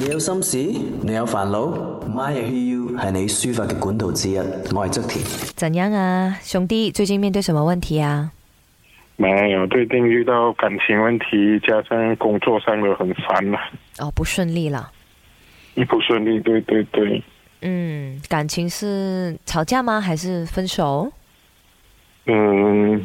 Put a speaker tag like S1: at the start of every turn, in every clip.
S1: 你有心事，你有煩惱，MY I Hear U 係你抒發嘅管道之一。我係澤田。
S2: 怎樣啊，兄弟？最近面對什麼問題啊？
S1: 沒有，最近遇到感情問題，加上工作上都很煩啦，
S2: 啊。哦，不順利啦？
S1: 不順利，對對對。嗯，
S2: 感情是吵架嗎？還是分手？
S1: 嗯。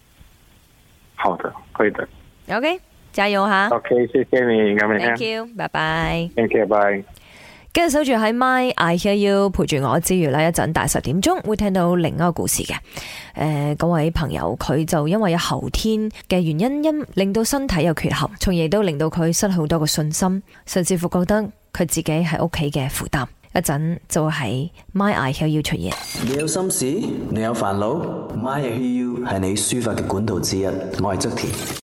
S2: 好的，可以的。OK，加油吓！OK，謝謝
S1: 你 Thank you，
S2: 拜拜。Thank you，拜。繼續守住喺 MY I Hear U，而且要陪住我之餘咧，一陣大十點鐘會聽到另一個故事嘅。誒、呃，嗰位朋友佢就因為有後天嘅原因，因令到身體有缺陷，從而都令到佢失去好多嘅信心，甚至乎覺得佢自己係屋企嘅負擔。一陣就會喺 My I Hear U 出現。你有心事，你有煩惱，My I Hear U 係你抒發嘅管道之一。我係 Zutty。